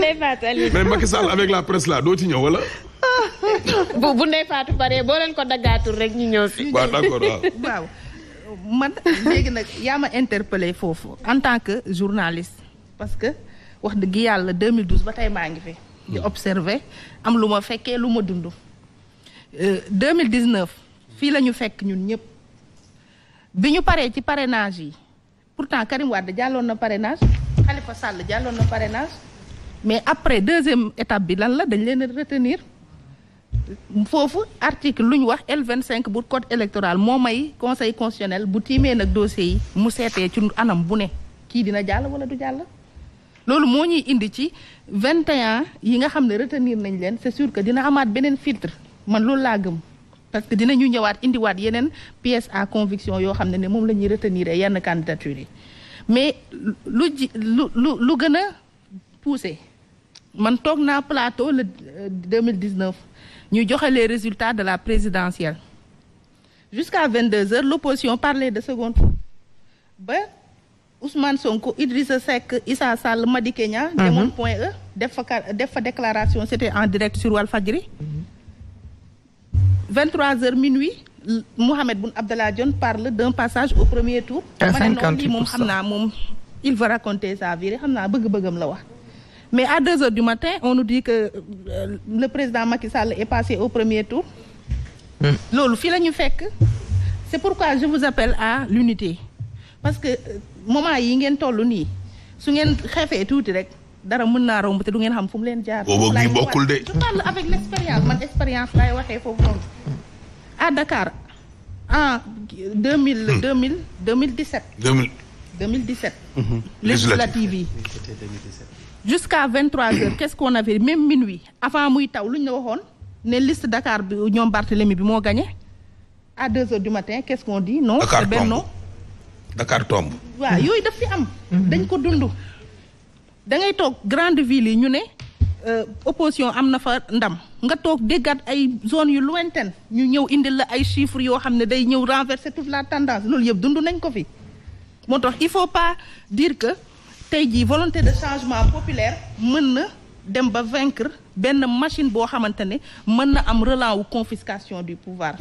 mais Macky avec la presse là doo ci ñëw wala. bu bu Ndeye Fatou paree boo leen ko daggaatul rek ñu ñëw si. waaw waaw. man léegi nag yaa ma interpellé foofu en tant que journaliste parce que wax dëgg yàlla 2012 ba tey maa ngi fi. di hmm. observer am lu ma fekkee lu ma dund. 2019 euh, fii la ñu fekk ñun ñëpp bi ñu paree ci parenage yi pourtant Karim Wade jàlloon na parrainage Khalifa sàll jàlloon na parrainage. mais après deuxième étape bi lan la dañ leen retenir foofu article lu ñu wax L25 bu code électoral moo may conseil constitutionnel bu tiimee nag dossier yi mu seetee ci anam bu ne kii dina jàll wala du jàll. loolu moo ñuy indi ci 21 yi nga xam ne retenir nañ leen c'est sur que dina amaat beneen filtre man loolu laa gëm parce que ñu ñëwaat indiwaat yeneen pièce à conviction yoo xam ne ne moom la ñuy retenir yenn candidature yi mais lu ji lu lu gën a poussé. man toog naa plateau le 2019 euh, ñu joxe les résultats de la présidentielle jusqu'à 22 heures l'opposition parlait de seconde ba Ousmane Sonko Idrissa Seck Issa Sall Madické Niang mhm. demoon point E def fa def fa déclaration c'était en direct sur Walfadjri 23 mhm. heures minuit Mohamed Boun Abdallah Dionne parle d'un passage au premier tour ma ne noonu lii moom xam naa moom il va raconter sa vie xam naa bëgg-bëggam la wax mais à deux heures du matin on nous dit que euh, le président Macky Sall est passé au premier tour hmm. loolu fii la ñu fekk c'est pourquoi je vous appelle à l'unité parce que euh, moment yi ngeen toll nii su ngeen xeefee tuuti rek dara mën naa romb te du ngeen xam fu mu leen jaar boobu gi bokkul de je parle laay waxee foofu noonu à Dakar en mille hmm. deux mille deux mille dix-sept deux mille dix-sept législative yi jusqu'à 23 heures qu'est-ce qu'on avait même minuit avant muy taw lu ñu la waxoon ne list Dakar bi ñoom Barthélemy bi moo gagné à deux heures du matin qu'est-ce qu'on non c'est Benno Dakar tombe waaw yooyu daf fi am dañ ko dund da ngay toog grande ville yi ñu ne euh, opposition am na fa ndam nga toog déggaat ay zone yu lointaine ñu ñëw indi la ay chiffres yoo xam ne day ñëw renverser toute la tendance loolu yëpp dund nañ ko fi moo tax il faut pas dire que tey jii volonté de changement populaire mën na dem ba vaincre benn machine boo xamante ne mën na am relent wu confiscation du pouvoir.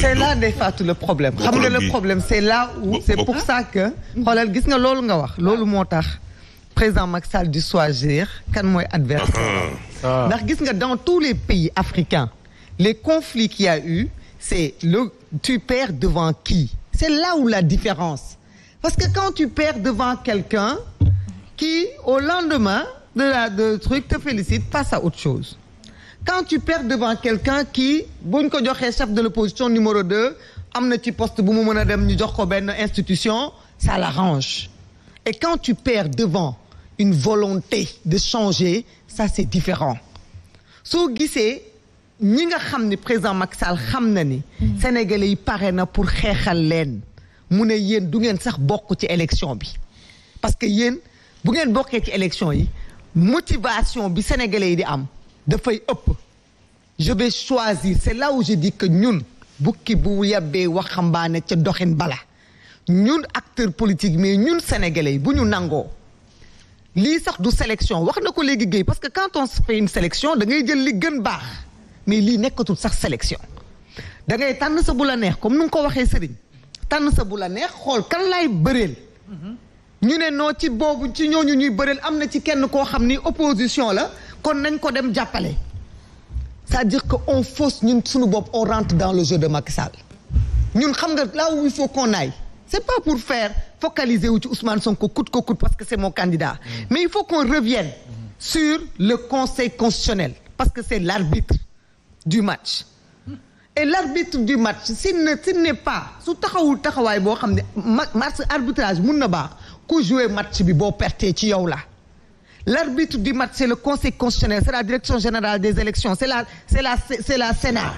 c'est là de Fatou le problème. xam le problème c'est là où c'est pour ça que. xoolal gis nga loolu nga wax loolu moo tax. président Macky Sall di choisir kan mooy adversaire ah. Ah. ndax gis nga dans tous les pays africains les conflits qu'il a eu c'est le tu perds devant qui c'est là où la différence parce que quand tu perds devant quelqu'un qui, au lendemain de la de truc, te félicite, passe à autre chose. Quand tu perds devant quelqu'un qui, buñ ko joxee chef de l'opposition numéro 2, am na ci poste bu mu mën a dem ñu jox ko benn institution, ça l'arrange. Et quand tu perds devant une volonté de changer, ça c'est différent. Soo gisee ñi nga xam ni président Macky Sall xam na ni. Sénégalais yi pare na pour xeexal leen mu ne yéen du ngeen sax bokk ci élection bi parce que yéen. bu ngeen bokkee ci élection yi motivation bi sénégalais yi di am dafay ëpp je vais choisir c'est là où je dis que ñun bukki bu yàbbee waxambaane ca doxin bala ñun acteur politique mais ñun sénégalais yi bu ñu nangoo lii sax du sélection wax na ko léegi géey parce que quand on fait une sélection da jël li gën baax mais lii nekkatul sax sélection da ngay tànn sa bu la neex comme nu nga ko waxee sëriñ tànn sa bu la neex xool kan laay bëreel mhm. ñu ne noo ci boobu ci ñooñu ñuy bëreel am na ci kenn koo xam ni opposition la kon nañ ko dem jàppale c'est-à-dire que on fausse ñun suñu bopp on rentre dans le jeu de Macky Sall ñun xam nga là où il faut qu'on aille c'est pas pour faire focaliser wu ci Ousmane Sonko coûte que coûte parce que c'est mon candidat mm. mais il faut qu'on revienne mm. sur le Conseil constitutionnel parce que c'est l'arbitre du match et l'arbitre du match s'il ne s'il n'est pas su taxawul taxawaay boo xam ne match arbitrage mun na baa ku jouer match bi boo pertee ci yow la l'arbitre du match c'est le conseil constitutionnel c'est la direction générale des élections c'est la c'est la c'est la Sénat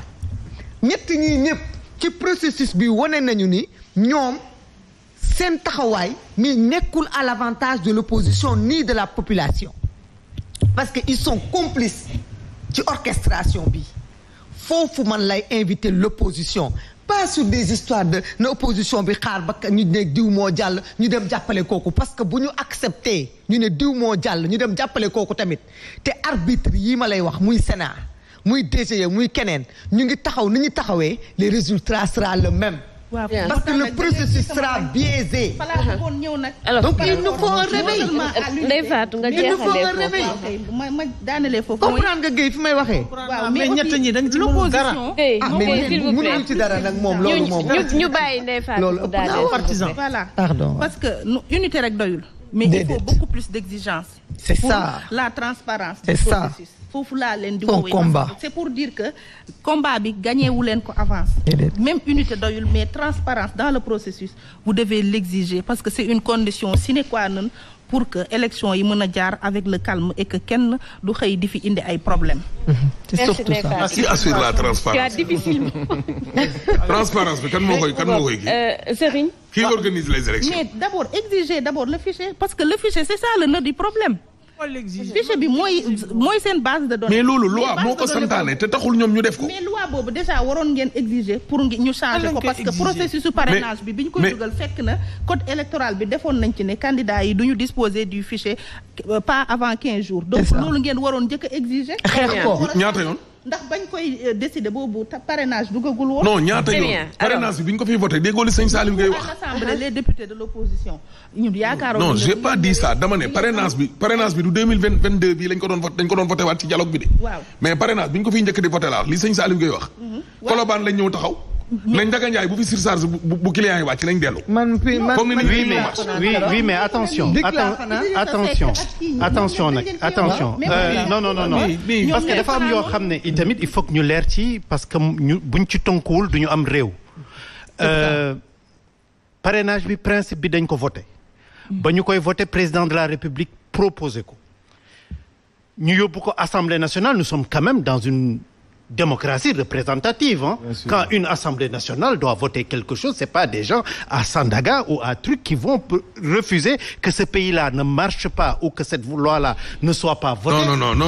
ñett ñi ñëpp ci processus bi wane nañu ni ñoom seen taxawaay mi nekkul à l'avantage de l'opposition ni de la population parce que sont complices ci orchestration bi foofu man lay inviter l'opposition pas sur des histoires de na opposition bi xaar ba ñu ne diw moo jàll ñu dem jàppale kooku parce que bu ñu accepté ñu ne diw moo jàll ñu dem jàppale kooku tamit te arbitre yi ma lay wax muy Sénat muy DGE muy keneen ñu ngi taxaw ni ñu taxawee les résultats sera le même waaw parce que le processus sera biaisé. alors donc il nous faut un réveil. Ndeye Fatou nga jeexalee foofu ma ma daanelee foofu. comprendre nga Guèye fi may waxee. waaw mais ñett ñi ci mënul dara. ah ci dara nag moom loolu moom. ñu ñu bàyyi Ndeye Fatou daaneel partisan. voilà parce que unité rek doyul. mais il faut beaucoup plus d'exigence. c'est ça pour la transparence du processus foofu laa leen di woowee combat c'est pour dire que combat bi gagné wu leen ko avance même unité doyul mais transparence dans le processus vous devez l'exiger parce que c'est une condition sine qua non pour que élection yi mën a jaar avec le calme et que kenn du xëy di indi ay problèmes. c'est surtout ça merci ah, transparence. bi kan moo koy kan moo koy kii. Euh, Serigne. mais d'abord exiger d'abord le fichier parce que le fichier c'est ça le nœud du problème. fichier bi mooy mooy seen base de données. mais loolu loi moo ko santaane te taxul ñoom ñu def ko. mais loi boobu déjà waroon ngeen exiger pour ñu changer ko parce que processus su parrainage bi bi ñu koy dugal fekk na code électoral bi defoon nañ ci ne candidat yi du ñu disposer du fichier euh, pas avant quinze jours. donc loolu ngeen waroon njëkk a exiger. xeex ko ñaata yoon. ndax bañ koy euh, décider boobu parrainage duggagul woon. ñaata yoon parrainage bi ñu ko fiy voté déggoo li sëñ Salim ngay wax. assemblée les députés de l'opposition. ñun yaakaaroon pas dit ça dama ne parrainage bi parrainage bi du deux mille vingt vingt deux bii lañ ko doon voté waat ci dialogue bi de. mais parrainage bi ñu ko fiy njëkk di voté laa li sëñ Salim ngay wax. Colobane mhm. lañ ñëw taxaw. nañ Ndiaga Ndiaye bu fi surcharge bu client yi wàcc nañ dellu. man fii man man oui mais mais attention. attention attention nag attention. Euh, non parce que dafa am yoo xam ne itamit il faut que ñu leer ci parce que ñu buñ ci tonkuwul du ñu am réew. Euh, parenage bi principe bi dañ ko voté. ba ñu koy voté président de la république proposé ko. ñu yóbbu ko assemblée nationale nous sommes quand même dans une. démocratie représentative. Hein. Quand une assemblée nationale doit voter quelque chose, c'est pas des gens à Sandaga ou à truc qui vont refuser que ce pays-là ne marche pas ou que cette loi-là ne soit pas votée. Non, non, non,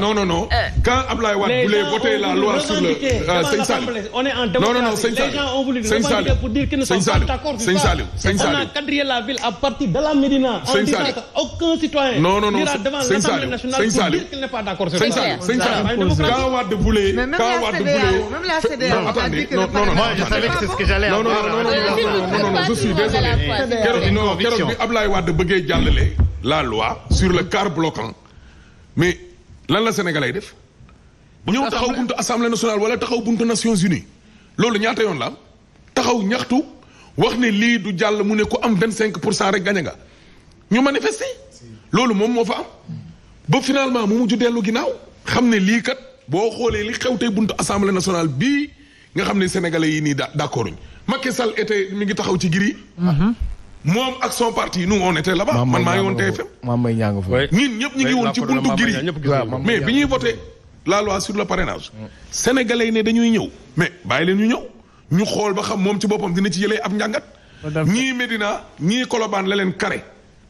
non, non, Quand Ablaï Wad voulait voter la loi sur le Seinsal, on est en démocratie, les gens ont voulu revendiquer pour dire qu'ils ne sont pas d'accord sur ça. On a quadrillé la ville à partir de la Médina. en disant qu'aucun citoyen. non non non sëñ Saliou la la CEDEAO a dit que non non non moi je savais que c'est ce que j'allais avoir. non loi sur le quart bloquant mais lan la Sénégalais def. ñëw taxaw buntu assemblée nationale wala taxaw buntu Nations Unies loolu ñaata yoon la taxaw ñaxtu. wax ne lii du jàll mu ne ku am vingt cinq pour cent rek gañe nga ñu manifester loolu moom moo fa am boo finalement mu mujj dellu ginnaaw xam ne lii kat boo xoolee li xew tey buntu assemblée nationale bii nga xam ne sénégalais yi nii da d'accord uñ Macky Sall était mi ngi taxaw ci giri mhm. moom ak son parti nous on était man maa ngi woon TFM maa may ñaa ngi woon ci buntu giri mais bi ñuy voté la loi sur le parrainage sénégalais yi ne dañuy ñëw mais bàyyi leen ñu ñëw ñu xool ba xam moom ci boppam dina ci yëlee ab njàngat. ñii Medina ñii kolobaan la leen kare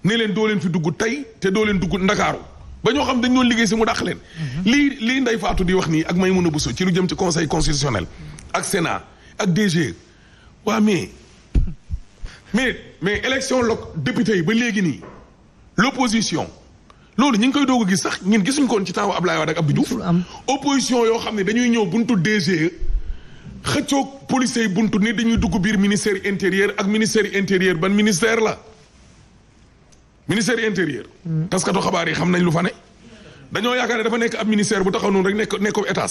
ne leen doo leen fi dugg tey te doo leen dugg Ndakaaru ba ñoo xam dañ doon liggéey si mu dàq leen. Mhm. lii lii Ndeye Fatou di wax nii ak mën a Maïmouna so ci lu jëm ci conseil constitutionnel. ak Sénat ak DG waa mais mais mais élection lo député yi ba léegi nii l'opposition loolu ñi ngi koy doog gis sax ñun gisuñ ko woon ci temps Abdoulaye Wade ak Abdou Diouf. opposition yoo xam ne dañuy ñëw buntu DG. E xëccoog police yi buntu ni dañuy dugg biir ministère intérieur ak ministère intérieur ban ministère la ministère intérieur. Hmm. taskatu xabaar yi xam nañ lu fa ne. dañoo yaakaar ne dafa nekk ab ministère bu taxaw noonu rek nekk nekkob état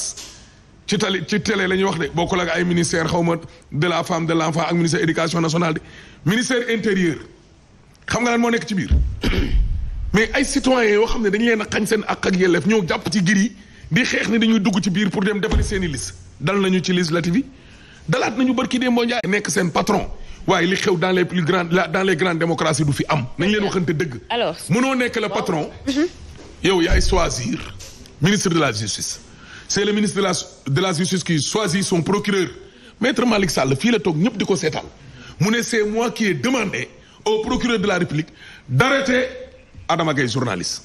ci tali télé la ñuy wax de bokkul ak ay ministère xaw ma de la femme de la enfant ak ministère éducation nationale de ministère intérieur xam nga lan moo nekk ci biir mais ay citoyens yoo xam ne dañu leen a xañ seen ak ak yelleef ñoo jàpp ci giri di xeex ne dañuy dugg ci biir pour dem defari seen i dal nañu ci législative yi dalaat nañu barki dee moo njaay nekk seen patron waaye li xew dans les plus grandes dans les grandes démocraties du fi am nañ leen waxante dëgg alors mënoo nekk le patron mhm. yow yaay choisir ministre de la justice c' est le ministre de la de la justice qui choisit son procureur maître Malick Sall fii la toog ñëpp di ko seetaan mu ne c' est moi qui demandé au procureur de la République d' arrêter Adama Gaye journaliste.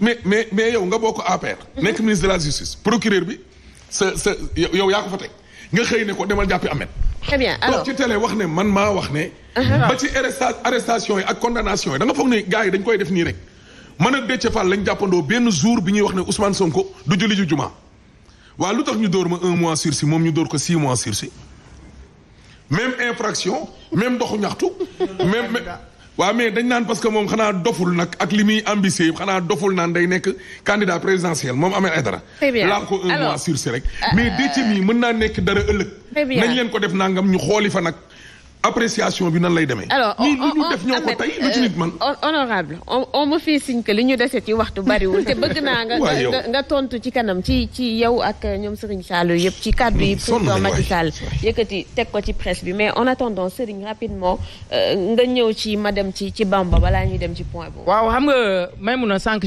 mais mais mais yow nga bokk APR. Mhm. nekk ministre de la justice procureur bi. sa sa yaa ko fa teg nga xëy ne ko demal jàppi Ahmed. très bien alors toog ci télé wax ne man maa wax ne. Uh-huh. ba ci arrestation yi ak condamnation yi da nga foog ne gars yi dañ koy def nii rek. man ak Déthié Fall lañ jàppandoo benn jour bi ñuy wax ne Ousmane Sonko du julli ju jumaa waa lu tax ñu dóor ma un mois sursis moom ñu dóor ko six mois sursis même infraction même doxu ñaxtu même. waaw mais dañ naan parce que moom xanaa doful nag ak li muy ambitieux xanaa doful naan day nekk candidat présidentiel moom amee Aïdara laa ko un mois sur rek euh, mais Déthié mii mën naa nekk dara ëllëg nañ leen ko def nangam ñu xooli fa nag appréciation bi nan lay demee. alors li ñu def ci euh, nit man. honorable on ma fii siñ que li ñu dese ci waxtu bariwul te bëgg naa nga nga tontu ci kanam ci ci yow ak ñoom Serigne Sallou yëpp ci kàddu yi. Mm, président Macky Sall yëkkati teg ko ci presse bi mais en attendant Serigne rapidement euh, nga ñëw ci ma dem ci ci Bamba balaa ñuy dem ci point boobu. waaw xam nga Maimouna sànq.